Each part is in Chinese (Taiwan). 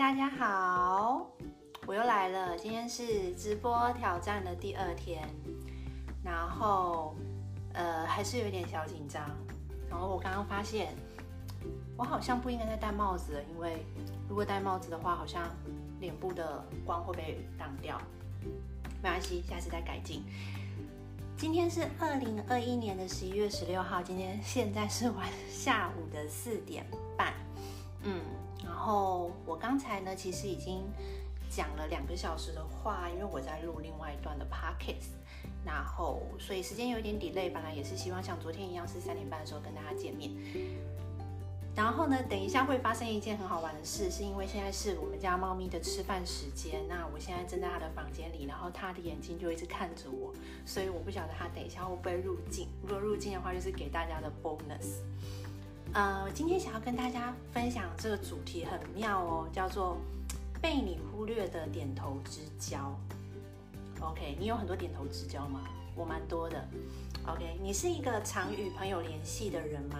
大家好，我又來了。今天是直播挑戰的第二天，然後呃還是有一點小緊張。然後我剛剛發現，我好像不應該再戴帽子了，因為如果戴帽子的話，好像臉部的光會被擋掉。沒關係，下次再改進。今天是二零二一年的十一月十六號，今天現在是晚下午的四點半。嗯。然後我剛才呢，其實已經講了兩個小時的話，因為我在錄另外一段的 podcast，然後所以時間有點 delay。本來也是希望像昨天一樣是三點半的時候跟大家見面。然後呢，等一下會發生一件很好玩的事，是因為現在是我們家貓咪的吃飯時間。那我現在正在它的房間裡，然後它的眼睛就一直看着我，所以我不曉得它等一下會不會入鏡。如果入鏡的話，就是給大家的 bonus。呃，我今天想要跟大家分享這個主題很妙哦，叫做被你忽略的點頭之交。OK，你有很多點頭之交嗎？我蠻多的。OK，你是一個常與朋友聯繫的人嗎？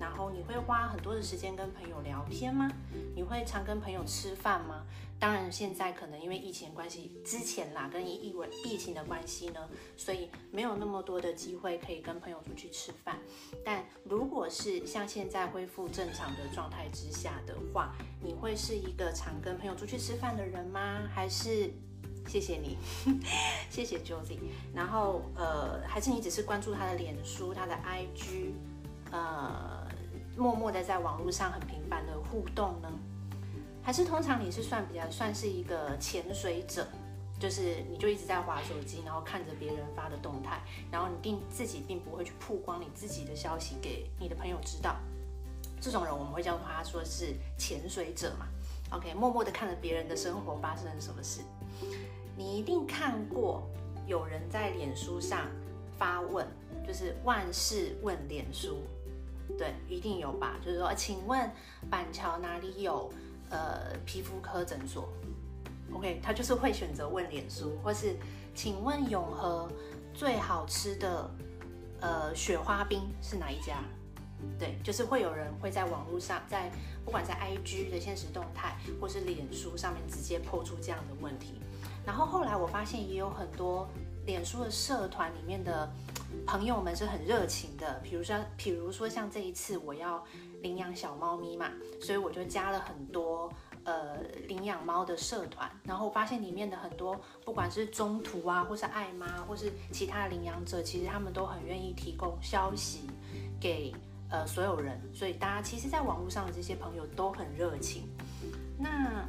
然後你會花很多的時間跟朋友聊天嗎？你會常跟朋友吃飯嗎？當然，現在可能因為疫情關係，之前啦跟疫疫情的關係呢，所以沒有那麼多的機會可以跟朋友出去吃飯。但如果是像現在恢復正常的狀態之下的話，你會是一個常跟朋友出去吃飯的人嗎？還是謝謝你，謝謝 Jozy。然後呃，還是你只是關注他的臉書、他的 IG，呃，默默的在網絡上很頻繁的互動呢？還是通常你是算比較算是一個潛水者，就是你就一直在滑手機，然後看着別人發的動態，然後你自己並不會去曝光你自己的消息給你的朋友知道。這種人我們會叫他說是潛水者嘛？OK，默默的看着別人的生活發生了什麼事。你一定看過有人在臉書上發問，就是萬事問臉書，對，一定有吧？就是說，啊，請問板橋哪裡有？呃，皮膚科診所，OK，他就是會選擇問臉書，或是請問永和最好吃的呃雪花冰是哪一家？對，就是會有人會在網絡上，在不管在 IG 的限時動態或是臉書上面直接拋出這樣的問題，然後後來我發現也有很多臉書的社團裡面的。朋友們是很熱情的，比如說，比如說像這一次我要領養小貓咪嘛，所以我就加了很多呃領養貓的社團，然後我發現裡面的很多不管是中途啊，或是愛媽，或是其他的領養者，其實他們都很願意提供消息給呃所有人，所以大家其實，在網絡上的這些朋友都很熱情。那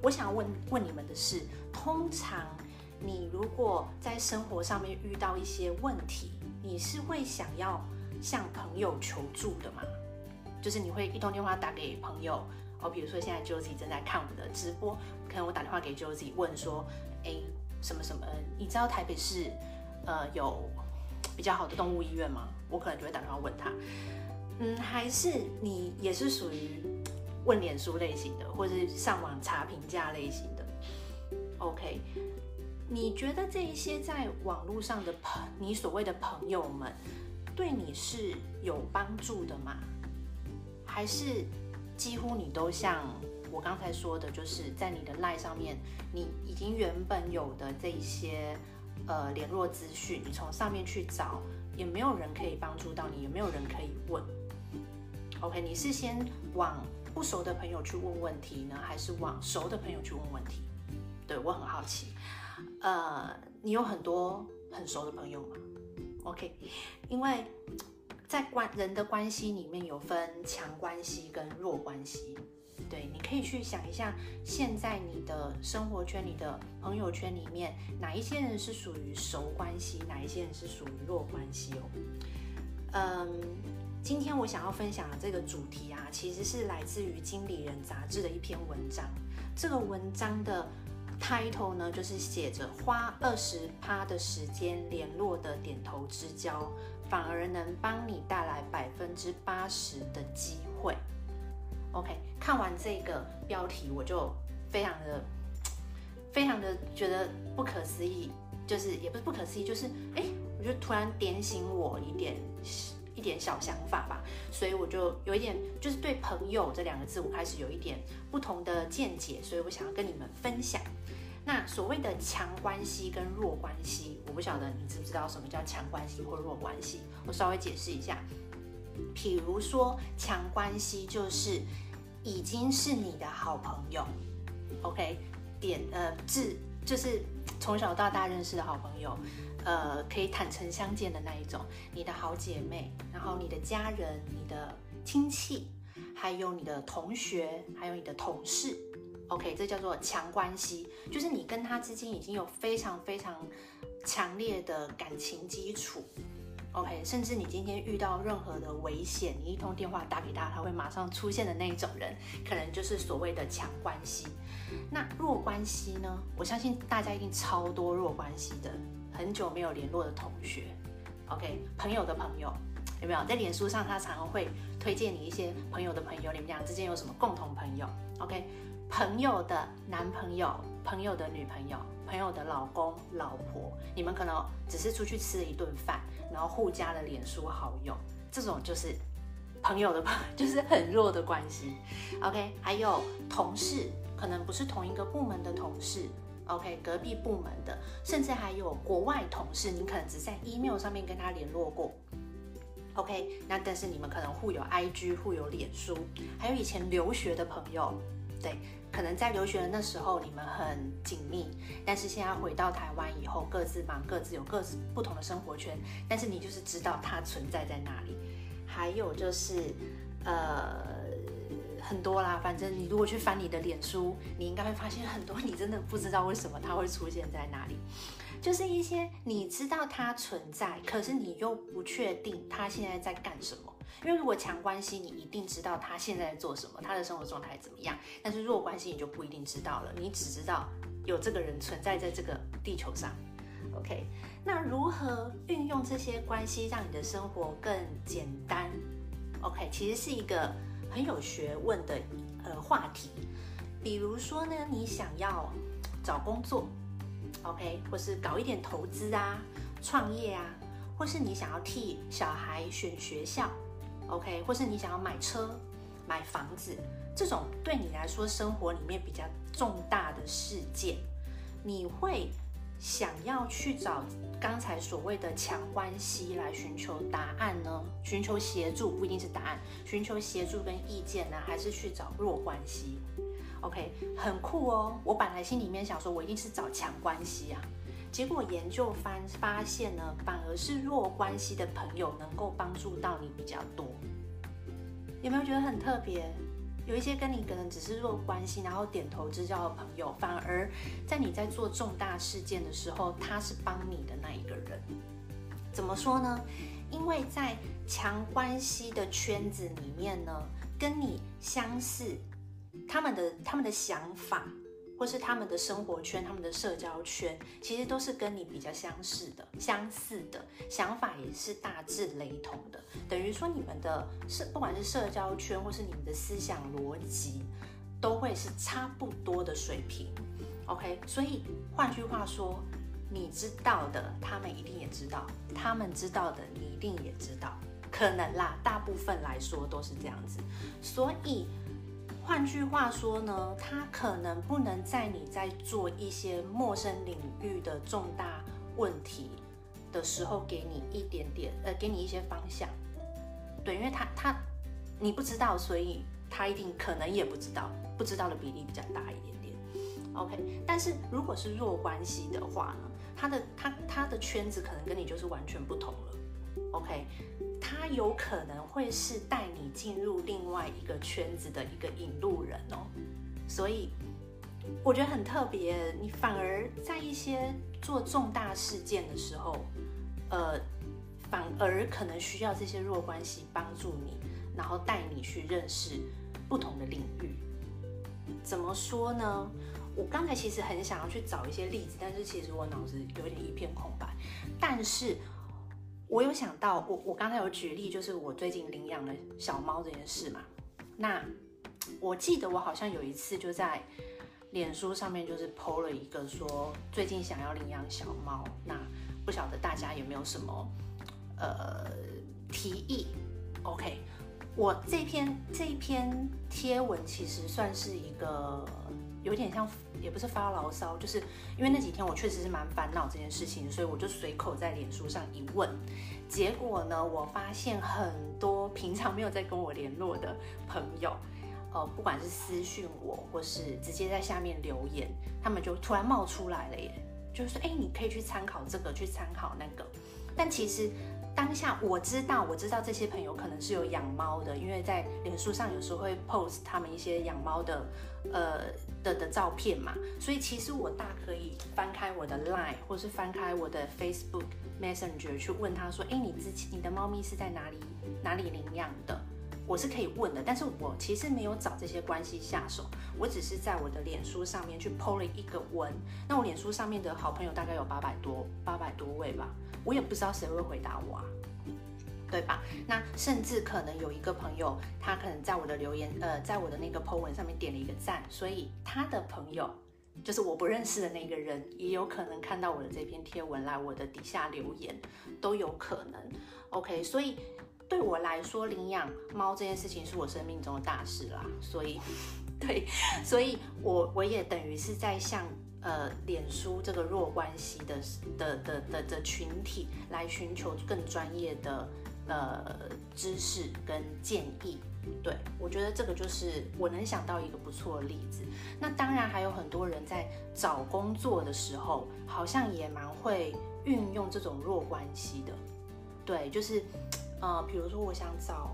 我想問問你們的是，通常你如果在生活上面遇到一些問題，你是會想要向朋友求助的嗎？就是你會一通電話打給朋友，哦，比如說現在 Josie 正在看我的直播，可能我打電話給 Josie 問說，誒，什麼什麼，你知道台北市，呃，有比較好的動物醫院嗎？我可能就會打電話問他，嗯，還是你也是屬於問臉書類型的，或者是上網查評價類型的？OK。你覺得這一些在網絡上的朋，你所謂的朋友們，對你是有幫助的嗎？還是幾乎你都像我剛才說的，就是在你的 LINE 上面，你已經原本有的這一些呃聯絡資訊，你從上面去找，也沒有人可以幫助到你，也沒有人可以問。OK，你是先往不熟的朋友去問問題呢，還是往熟的朋友去問問題？對，我很好奇。呃，uh, 你有很多很熟的朋友嗎？OK，因為在關人的關係裡面有分強關係跟弱關係，對，你可以去想一下，現在你的生活圈、你的朋友圈裡面，哪一些人是屬於熟關係，哪一些人是屬於弱關係哦。嗯，今天我想要分享的這個主題啊，其實是來自於《經理人》雜誌的一篇文章，這個文章的。開頭呢，就是寫着花二十趴的時間聯絡的點頭之交，反而能幫你帶來百分之八十的機會。OK，看完這個標題，我就非常的非常的覺得不可思議，就是也不是不可思議，就是哎，我就突然點醒我一點一點小想法吧。所以我就有一點，就是對朋友這兩個字，我開始有一點不同的見解，所以我想要跟你們分享。那所謂的強關係跟弱關係，我不曉得你知不知道什麼叫強關係或弱關係？我稍微解釋一下。譬如說強關係就是已經是你的好朋友，OK？點呃，字就是從小到大認識的好朋友，呃，可以坦誠相見的那一種。你的好姐妹，然後你的家人、你的親戚，還有你的同學，還有你的同事。OK，這叫做強關係，就是你跟他之間已經有非常非常強烈的感情基礎。OK，甚至你今天遇到任何的危險，你一通電話打給他，他會馬上出現的那一種人，可能就是所謂的強關係。嗯。那弱關係呢？我相信大家一定超多弱關係的，很久沒有聯絡的同學。OK，朋友的朋友有沒有？在臉書上，他常常會推薦你一些朋友的朋友，你們倆之間有什麼共同朋友？OK。朋友的男朋友、朋友的女朋友、朋友的老公、老婆，你們可能只是出去吃了一頓飯，然後互加了臉書好友，這種就是朋友的朋，就是很弱的關係。OK，還有同事，可能不是同一個部門的同事，OK，隔壁部門的，甚至還有國外同事，你可能只在 email 上面跟他聯絡過。OK，那但是你們可能互有 IG、互有臉書，還有以前留學的朋友。對，可能在留學的那時候你們很緊密，但是現在回到台灣以後，各自忙，各自有各自不同的生活圈，但是你就是知道它存在在哪裡。還有就是，呃，很多啦，反正你如果去翻你的臉書，你應該會發現很多你真的不知道為什麼它會出現在哪裡。就是一些你知道他存在，可是你又不確定他現在在幹什麼。因為如果強關係，你一定知道他現在在做什麼，他的生活狀態怎麼樣。但是弱關係，你就不一定知道了。你只知道有這個人存在在這個地球上。OK，那如何運用這些關係讓你的生活更簡單？OK，其實是一個很有學問的呃話題。比如說呢，你想要找工作。OK，或是搞一點投資啊，創業啊，或是你想要替小孩選學校，OK，或是你想要買車、買房子，這種對你來說生活裡面比較重大的事件，你會想要去找剛才所謂的強關係來尋求答案呢？尋求協助不一定是答案，尋求協助跟意見呢，啊，還是去找弱關係？OK，很酷哦。我本來心裡面想說，我一定是找強關係啊。結果研究翻發現呢，反而是弱關係的朋友能夠幫助到你比較多。有沒有覺得很特別？有一些跟你可能只是弱關係，然後點頭之交的朋友，反而在你在做重大事件的時候，他是幫你的那一個人。怎麼說呢？因為在強關係的圈子裡面呢，跟你相似。他們的他們的想法，或是他們的生活圈、他們的社交圈，其實都是跟你比較相似的，相似的想法也是大致雷同的。等於說，你們的社不管是社交圈，或是你們的思想邏輯，都會是差不多的水平。OK，所以換句話說，你知道的，他們一定也知道；他們知道的，你一定也知道。可能啦，大部分來說都是這樣子，所以。換句話說呢，他可能不能在你在做一些陌生領域的重大問題的時候，給你一點點，呃，給你一些方向。對，因為他他你不知道，所以他一定可能也不知道，不知道的比例比較大一點點。OK，但是如果是弱關係的話呢，他的他他的圈子可能跟你就是完全不同了。OK。他有可能會是帶你進入另外一個圈子的一個引路人哦，所以我覺得很特別。你反而在一些做重大事件的時候，呃，反而可能需要這些弱關係幫助你，然後帶你去認識不同的領域。怎麼說呢？我剛才其實很想要去找一些例子，但是其實我腦子有點一片空白。但是。我有想到，我我剛才有舉例，就是我最近領養了小貓這件事嘛。那我記得我好像有一次就在臉書上面就是 po 了一個，說最近想要領養小貓。那不曉得大家有沒有什麼呃提議？OK，我這篇這一篇貼文其實算是一個。有點像，也不是發牢騷，就是因為那幾天我確實是蠻煩惱這件事情，所以我就隨口在臉書上一問，結果呢，我發現很多平常沒有在跟我聯絡的朋友，呃，不管是私訊我，或是直接在下面留言，他們就突然冒出來了耶，就是說，欸，你可以去參考這個，去參考那個，但其實。當下我知道，我知道這些朋友可能是有養貓的，因為在臉書上有時候會 post 他們一些養貓的，呃的的照片嘛，所以其實我大可以翻開我的 Line 或是翻開我的 Facebook Messenger 去問他說，誒，你之前你的貓咪是在哪裡哪裡領養的？我是可以問的，但是我其實沒有找這些關係下手，我只是在我的臉書上面去 po 了一個文。那我臉書上面的好朋友大概有八百多八百多位吧，我也不知道誰會回答我啊，對吧？那甚至可能有一個朋友，他可能在我的留言呃，在我的那個 po 文上面點了一個讚，所以他的朋友就是我不認識的那個人，也有可能看到我的這篇貼文來我的底下留言，都有可能。OK，所以。對我來說，領養貓這件事情是我生命中的大事啦，所以，對，所以我我也等於是在向呃臉書這個弱關係的的的的的群體來尋求更專業的呃知識跟建議。對，我覺得這個就是我能想到一個不錯的例子。那當然，還有很多人在找工作的時候，好像也蠻會運用這種弱關係的。對，就是。呃，比如說我想找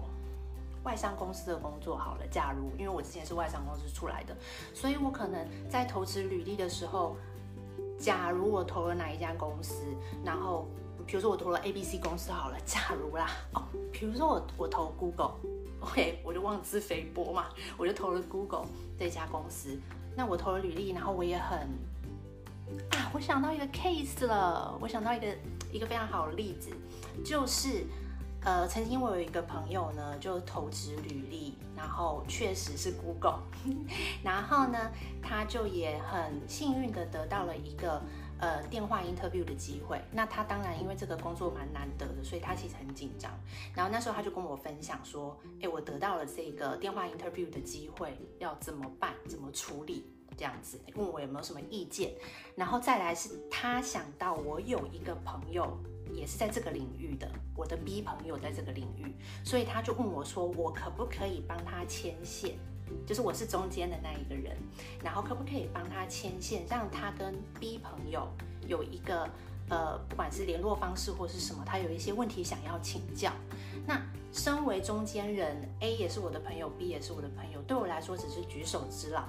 外商公司的工作，好了，假如因為我之前是外商公司出來的，所以我可能在投資履歷的時候，假如我投了哪一家公司，然後比如說我投了 ABC 公司，好了，假如啦，哦，比如說我我投 Google，OK，我就妄自菲薄嘛，我就投了 Google 這家公司，那我投了履歷，然後我也很啊，我想到一個 case 了，我想到一個一個非常好的例子，就是。呃，曾經我有一個朋友呢，就投資履歷，然後確實是 Google，然後呢，他就也很幸運的得到了一個呃電話 interview 的機會。那他當然因為這個工作蠻難得的，所以他其實很緊張。然後那時候他就跟我分享說，哎，我得到了這個電話 interview 的機會，要怎麼辦？怎麼處理？這樣子。問我有沒有什麼意見。然後再來是他想到我有一個朋友。也是在這個領域的，我的 B 朋友在這個領域，所以他就問我說，我可不可以幫他牽線，就是我是中間的那一個人，然後可不可以幫他牽線，讓他跟 B 朋友有一個呃，不管是聯絡方式或是什麼，他有一些問題想要請教。那身為中間人，A 也是我的朋友，B 也是我的朋友，對我來說只是舉手之勞。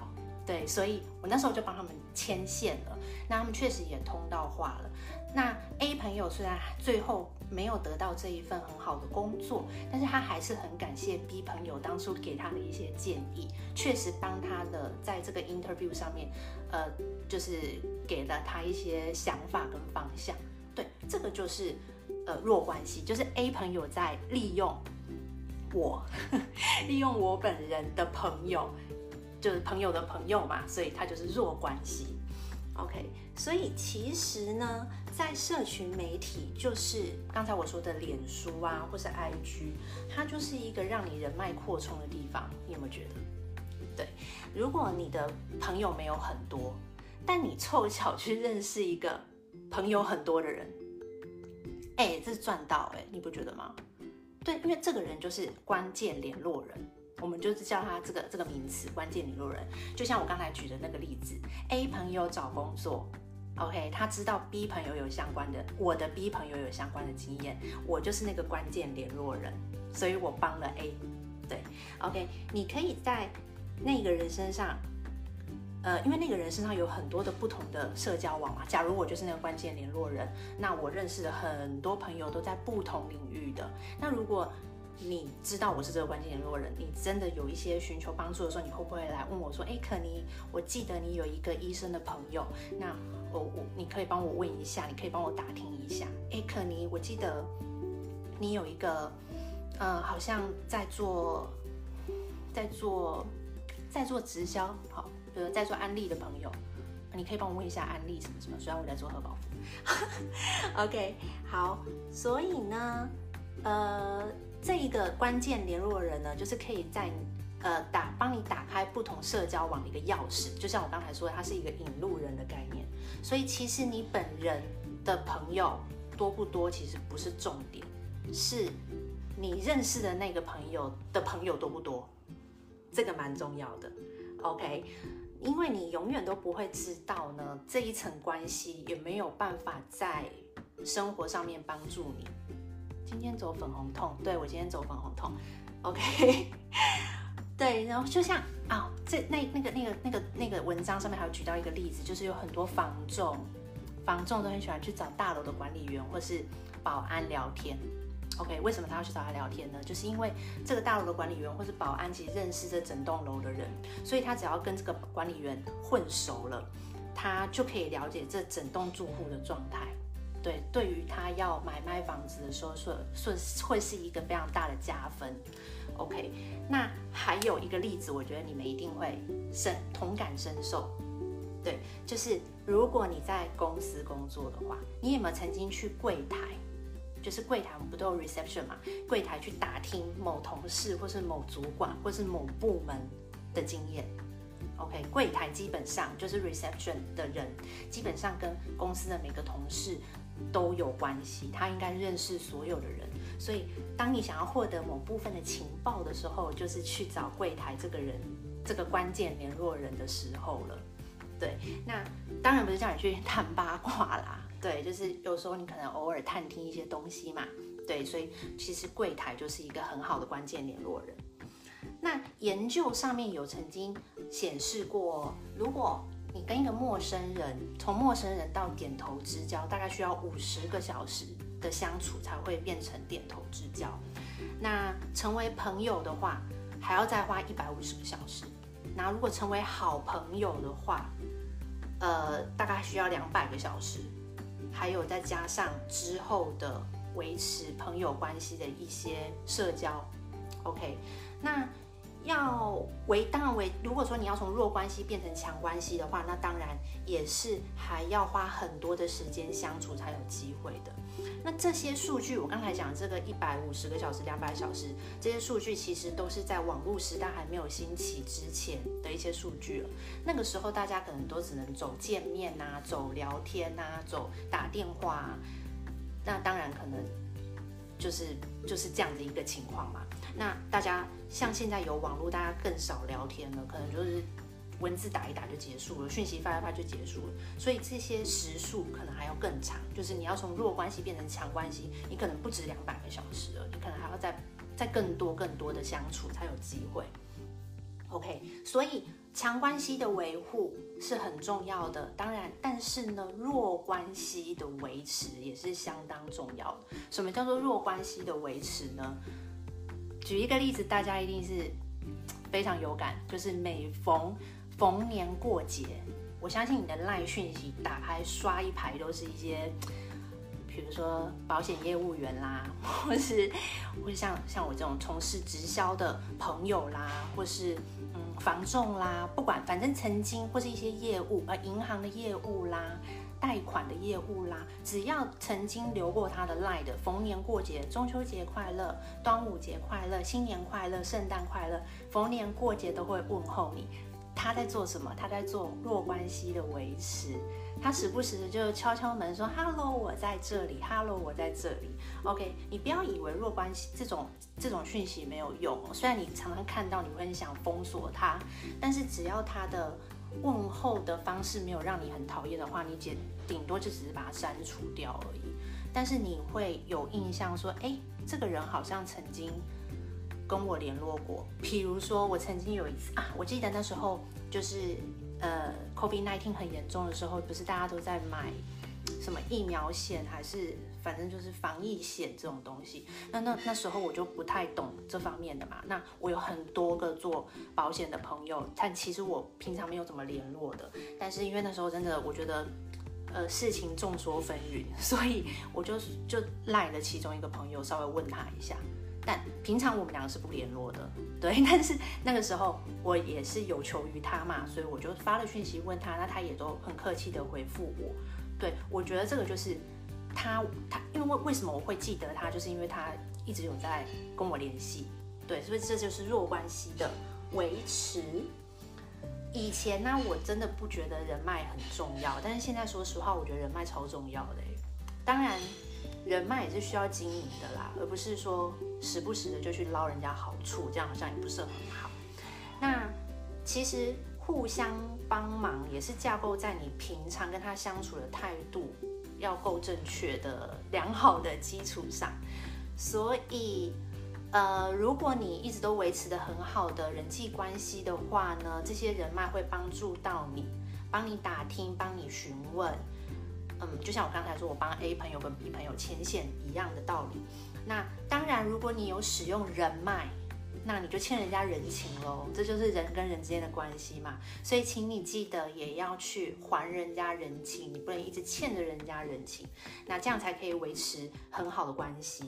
對，所以我那時候就幫他們牽線了，那他們確實也通到話了。那 A 朋友雖然最後沒有得到這一份很好的工作，但是他還是很感謝 B 朋友當初給他的一些建議，確實幫他的在這個 interview 上面，呃，就是給了他一些想法跟方向。對，這個就是呃弱關係，就是 A 朋友在利用我，利用我本人的朋友。就是朋友的朋友嘛，所以他就是弱關係。OK，所以其實呢，在社群媒體，就是剛才我說的臉書啊，或是 IG，它就是一個讓你人脈擴充的地方。你有沒有覺得？對，如果你的朋友沒有很多，但你湊巧去認識一個朋友很多的人，哎、欸，這是賺到哎、欸，你不覺得嗎？對，因為這個人就是關鍵聯絡人。我們就是叫他這個這個名詞，關鍵聯絡人。就像我剛才舉的那個例子，A 朋友找工作，OK，他知道 B 朋友有相關的，我的 B 朋友有相關的經驗，我就是那個關鍵聯絡人，所以我幫了 A 對。對，OK，你可以在那個人身上，呃，因為那個人身上有很多的不同的社交網嘛。假如我就是那個關鍵聯絡人，那我認識的很多朋友都在不同領域的。那如果你知道我是這個關鍵聯絡人，你真的有一些尋求幫助的時候，你會不會來問我說：“哎、欸，可妮，我記得你有一個醫生的朋友，那我我你可以幫我問一下，你可以幫我打聽一下。哎、欸，可妮，我記得你有一個，呃、好像在做在做在做直銷，好，如、就是、在做安利的朋友，你可以幫我問一下安利什麼什麼。雖然我在做核保。OK，好，所以呢，呃。這一個關鍵聯絡人呢，就是可以在呃打幫你打開不同社交網的一個鑰匙，就像我剛才說，它是一個引路人的概念。所以其實你本人的朋友多不多，其實不是重點，是你認識的那個朋友的朋友多不多，這個蠻重要的。OK，因為你永遠都不會知道呢，這一層關係有沒有辦法在生活上面幫助你。今天走粉紅痛，對，我今天走粉紅痛，OK， 對，然後就像啊、哦，這那那個那個那個那個文章上面還有舉到一個例子，就是有很多房仲，房仲都很喜歡去找大樓的管理員或是保安聊天，OK，為什麼他要去找他聊天呢？就是因為這個大樓的管理員或是保安其實認識這整棟樓的人，所以他只要跟這個管理員混熟了，他就可以了解這整棟住戶的狀態。對，對於他要買賣房子的時候，說說會是一個非常大的加分。OK，那還有一個例子，我覺得你們一定會深同感深受。對，就是如果你在公司工作的話，你有沒有曾經去櫃台？就是櫃台不都有 reception 嘛？櫃台去打聽某同事，或是某主管，或是某部門的經驗。OK，櫃台基本上就是 reception 的人，基本上跟公司的每個同事，都有關係，他應該認識所有的人，所以當你想要獲得某部分的情報的時候，就是去找櫃檯這個人，這個關鍵聯絡人的時候了。對，那當然不是叫你去探八卦啦，對，就是有時候你可能偶爾探聽一些東西嘛，對，所以其實櫃檯就是一個很好的關鍵聯絡人。那研究上面有曾經顯示過，如果。你跟一個陌生人，從陌生人到點頭之交，大概需要五十個小時的相處才會變成點頭之交。那成為朋友的話，還要再花一百五十個小時。那如果成為好朋友的話，呃，大概需要兩百個小時，還有再加上之後的維持朋友關係的一些社交。OK，那。要為，當然為，如果說你要從弱關係變成強關係的話，那當然也是還要花很多的時間相處才有機會的。那這些數據，我剛才講這個一百五十個小時、兩百小時，這些數據其實都是在網絡時代還沒有興起之前的一些數據了。那個時候大家可能都只能走見面啊，走聊天啊，走打電話啊，那當然可能就是就是這樣的一個情況嘛。那大家像現在有網絡，大家更少聊天了，可能就是文字打一打就結束了，訊息發一發就結束了，所以這些時數可能還要更長，就是你要從弱關係變成強關係，你可能不止兩百個小時了，你可能還要再再更多更多的相處才有機會。OK，所以強關係的維護是很重要的，當然，但是呢，弱關係的維持也是相當重要的。什麼叫做弱關係的維持呢？舉一個例子，大家一定是非常有感，就是每逢逢年過節，我相信你的賴訊息打開刷一排都是一些，比如說保險業務員啦，或是或是像像我這種從事直銷的朋友啦，或是嗯房仲啦，不管反正曾經或是一些業務啊，銀行的業務啦。貸款的業務啦，只要曾經留過他的 line 的，逢年過節，中秋節快樂、端午節快樂、新年快樂、聖誕快樂，逢年過節都會問候你。他在做什麼？他在做弱關係的維持。他時不時就敲敲門說 ：“Hello，我在這裡。”“Hello，我在這裡。” OK，你不要以為弱關係這種這種訊息沒有用，雖然你常常看到你會很想封鎖他，但是只要他的。問候的方式沒有讓你很討厭的話，你簡頂多就只是把它刪除掉而已。但是你會有印象說，哎，這個人好像曾經跟我聯絡過。比如說，我曾經有一次啊，我記得那時候就是呃，COVID-19 很嚴重的時候，不是大家都在買什麼疫苗險還是？反正就是防疫險這種東西，那那那時候我就不太懂這方面的嘛。那我有很多個做保險的朋友，但其實我平常沒有怎麼聯絡的。但是因為那時候真的，我覺得，呃，事情眾說紛紜，所以我就就賴了其中一個朋友，稍微問他一下。但平常我們兩個是不聯絡的，對。但是那個時候我也是有求於他嘛，所以我就發了訊息問他，那他也都很客氣的回復我。對，我覺得這個就是。他他，因為為什麼我會記得他，就是因為他一直有在跟我聯繫，對，所以這就是弱關係的維持。以前呢，我真的不覺得人脈很重要，但是現在說實話，我覺得人脈超重要的。當然，人脈也是需要經營的啦，而不是說時不時的就去撈人家好處，這樣好像也不是很好。那其實互相幫忙也是架構在你平常跟他相處的態度。要夠正確的、良好的基礎上，所以，呃，如果你一直都維持的很好的人際關係的話呢，這些人脈會幫助到你，幫你打聽，幫你詢問，嗯，就像我剛才說我幫 A 朋友跟 B 朋友牽線一樣的道理。那當然，如果你有使用人脈。那你就欠人家人情嘍，這就是人跟人之間的關係嘛。所以，請你記得也要去還人家人情，你不能一直欠着人家人情，那這樣才可以維持很好的關係。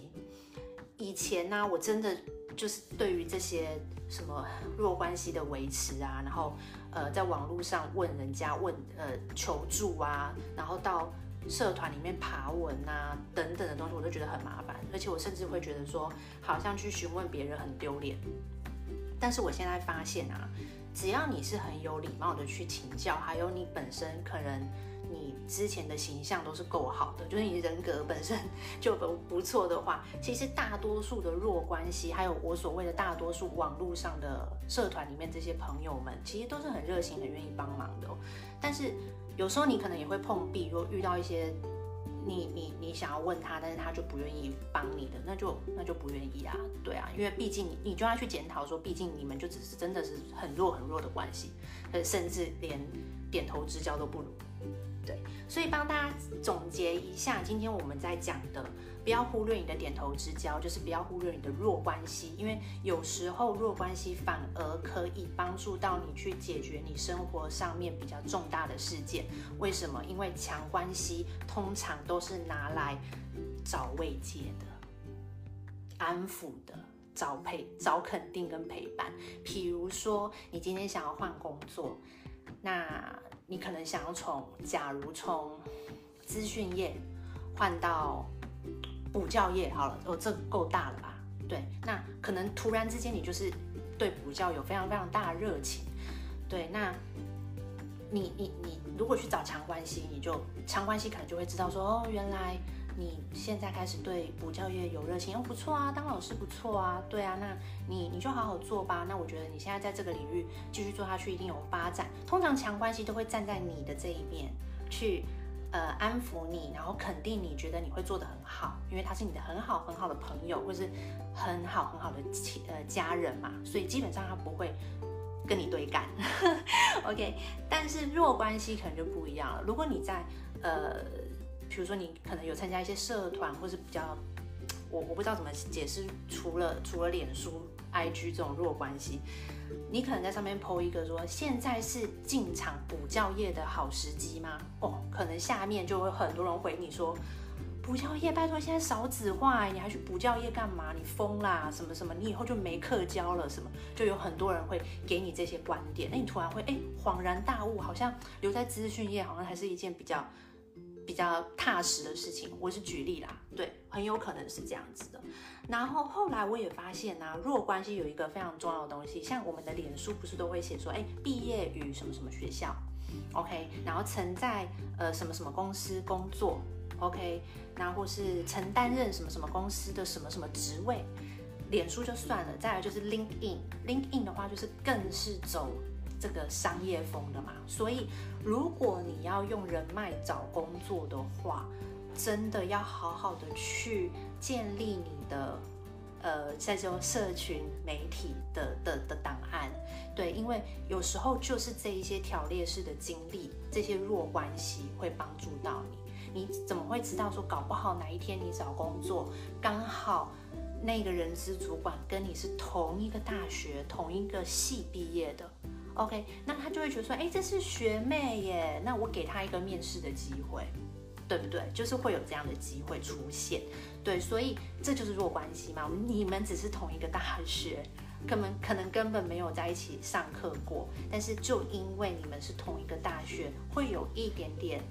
以前呢，啊，我真的就是對於這些什麼弱關係的維持啊，然後呃，在網絡上問人家問呃求助啊，然後到。社團裡面爬文啊等等的東西，我都覺得很麻煩，而且我甚至會覺得說，好像去詢問別人很丟臉。但是我現在發現啊，只要你是很有禮貌的去請教，還有你本身可能你之前的形象都是夠好的，就是你人格本身就不不錯的話，其實大多數的弱關係，還有我所謂的大多數網絡上的社團裡面這些朋友們，其實都是很熱情、很願意幫忙的哦，但是。有時候你可能也會碰壁，如果遇到一些你你你想要問他，但是他就不願意幫你的，那就那就不願意啊，對啊，因為畢竟你就要去檢討說，畢竟你們就只是真的是很弱很弱的關係，甚至連點頭之交都不如。對，所以幫大家總結一下，今天我們在講的，不要忽略你的點頭之交，就是不要忽略你的弱關係，因為有時候弱關係反而可以幫助到你去解決你生活上面比較重大的事件。為什麼？因為強關係通常都是拿來找慰藉的、安撫的、找陪、找肯定跟陪伴。比如說，你今天想要換工作，那。你可能想要從，假如從資訊業換到補教業好了，哦，這夠大了吧？對，那可能突然之間你就是對補教有非常非常大的熱情，對，那你，你你你如果去找強關係，你就強關係可能就會知道說，哦，原來。你現在開始對補教業有熱情，哦，不錯啊，當老師不錯啊，對啊，那你你就好好做吧。那我覺得你現在在這個領域繼續做下去，一定有發展。通常強關係都會站在你的這一邊去，呃，安撫你，然後肯定你覺得你會做得很好，因為他是你的很好很好的朋友，或是很好很好的呃家人嘛。所以基本上他不會跟你對幹。 OK，但是弱關係可能就不一樣了。如果你在呃。比如說，你可能有參加一些社團，或是比較，我我不知道怎麼解釋，除了除了臉書、IG 這種弱關係，你可能在上面 po 一個說，現在是進場補教業的好時機嗎？哦，可能下面就會很多人回你說，補教業，拜託現在少子化，你還去補教業幹嘛？你瘋啦，啊？什麼什麼？你以後就沒課教了？什麼？就有很多人會給你這些觀點。那你突然會哎恍然大悟，好像留在資訊業，好像還是一件比較。比較踏實的事情，我是舉例啦，對，很有可能是這樣子的。然後後來我也發現啊，弱關係有一個非常重要的東西，像我們的臉書不是都會寫說，哎、欸，畢業於什麼什麼學校，OK，然後曾在呃什麼什麼公司工作，OK，然後或是曾擔任什麼什麼公司的什麼什麼職位。臉書就算了，再來就是 LinkedIn，LinkedIn 的話就是更是走這個商業風的嘛，所以。如果你要用人脈找工作的話，真的要好好的去建立你的，呃，在這種社群媒體的的的檔案。對，因為有時候就是這一些條列式的經歷，這些弱關係會幫助到你。你怎麼會知道說，搞不好哪一天你找工作，剛好那個人資主管跟你是同一個大學、同一個系畢業的？OK，那他就會覺得說，哎、欸，這是學妹耶，那我給她一個面試的機會，對不對？就是會有這樣的機會出現，對，所以這就是弱關係嘛。你們只是同一個大學，根本可能根本沒有在一起上課過，但是就因為你們是同一個大學，會有一點點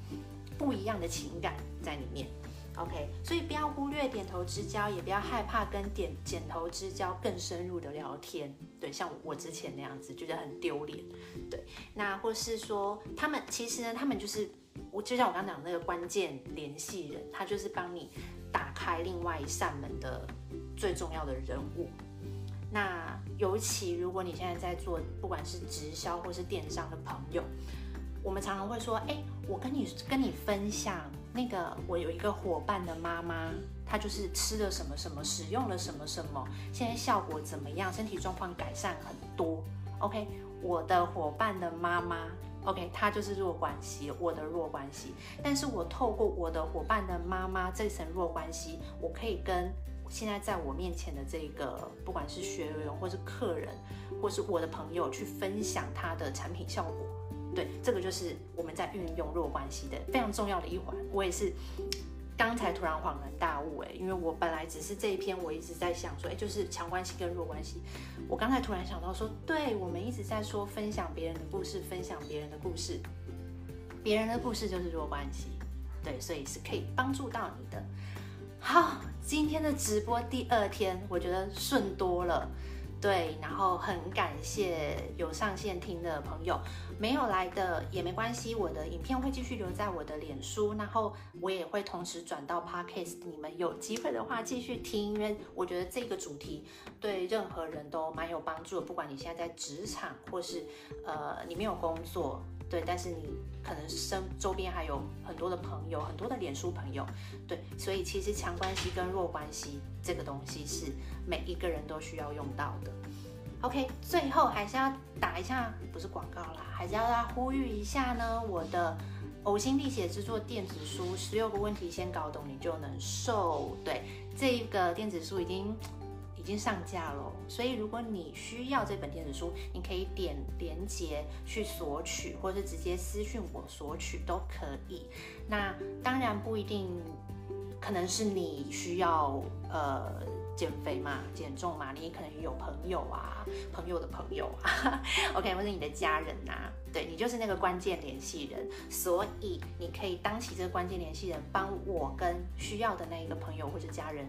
不一樣的情感在裡面。OK，所以不要忽略點頭之交，也不要害怕跟點點頭之交更深入的聊天。對，像我之前那樣子覺得、就是、很丟臉。對，那或是說他們其實呢，他們就是我就像我剛講那個關鍵聯繫人，他就是幫你打開另外一扇門的最重要的人物。那尤其如果你現在在做不管是直銷或是電商的朋友，我們常常會說，哎、欸，我跟你跟你分享。那個，我有一個夥伴的媽媽，她就是吃了什麼什麼，使用了什麼什麼，現在效果怎麼樣？身體狀況改善很多。OK，我的夥伴的媽媽，OK，她就是弱關係，我的弱關係。但是我透過我的夥伴的媽媽這層弱關係，我可以跟現在在我面前的這個，不管是學員或是客人，或是我的朋友，去分享它的產品效果。對，這個就是我們在運用弱關係的非常重要的一環。我也是剛才突然恍然大悟誒、欸，因為我本來只是這一篇，我一直在想說，誒、欸，就是強關係跟弱關係。我剛才突然想到說，對，我們一直在說分享別人的故事，分享別人的故事，別人的故事就是弱關係，對，所以是可以幫助到你的。好，今天的直播第二天，我覺得順多了。對，然後很感謝有上線聽的朋友，沒有來的也沒關係，我的影片會繼續留在我的臉書，然後我也會同時轉到 Podcast，你們有機會的話繼續聽，因為我覺得這個主題對任何人都蠻有幫助，不管你現在在職場或是呃你沒有工作。對，但是你可能身周邊還有很多的朋友，很多的臉書朋友，對，所以其實強關係跟弱關係這個東西是每一個人都需要用到的。OK，最後還是要打一下，不是廣告啦，還是要大家呼籲一下呢。我的嘔心瀝血之作電子書《十六個問題先搞懂你就能瘦》，對，這一個電子書已經。已經上架了，所以如果你需要這本電子書，你可以點連接去索取，或者是直接私信我索取都可以。那當然不一定，可能是你需要呃減肥嘛、減重嘛，你可能有朋友啊、朋友的朋友啊 ，OK，或者你的家人吶、啊，對，你就是那個關鍵聯繫人，所以你可以當起這個關鍵聯繫人，幫我跟需要的那一個朋友或者家人。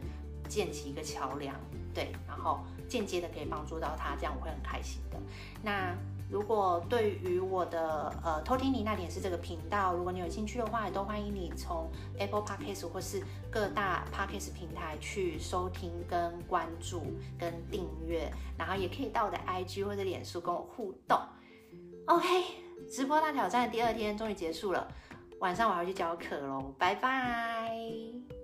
建起一個橋梁，對，然後間接的可以幫助到他，這樣我會很開心的。那如果對於我的呃偷聽妮那點事這個頻道，如果你有興趣的話，也都歡迎你從 Apple Podcast 或是各大 Podcast 平台去收聽、跟關注、跟訂閱，然後也可以到我的 IG 或者臉書跟我互動。OK，直播大挑戰的第二天終於結束了，晚上我要去教課嘍，拜拜。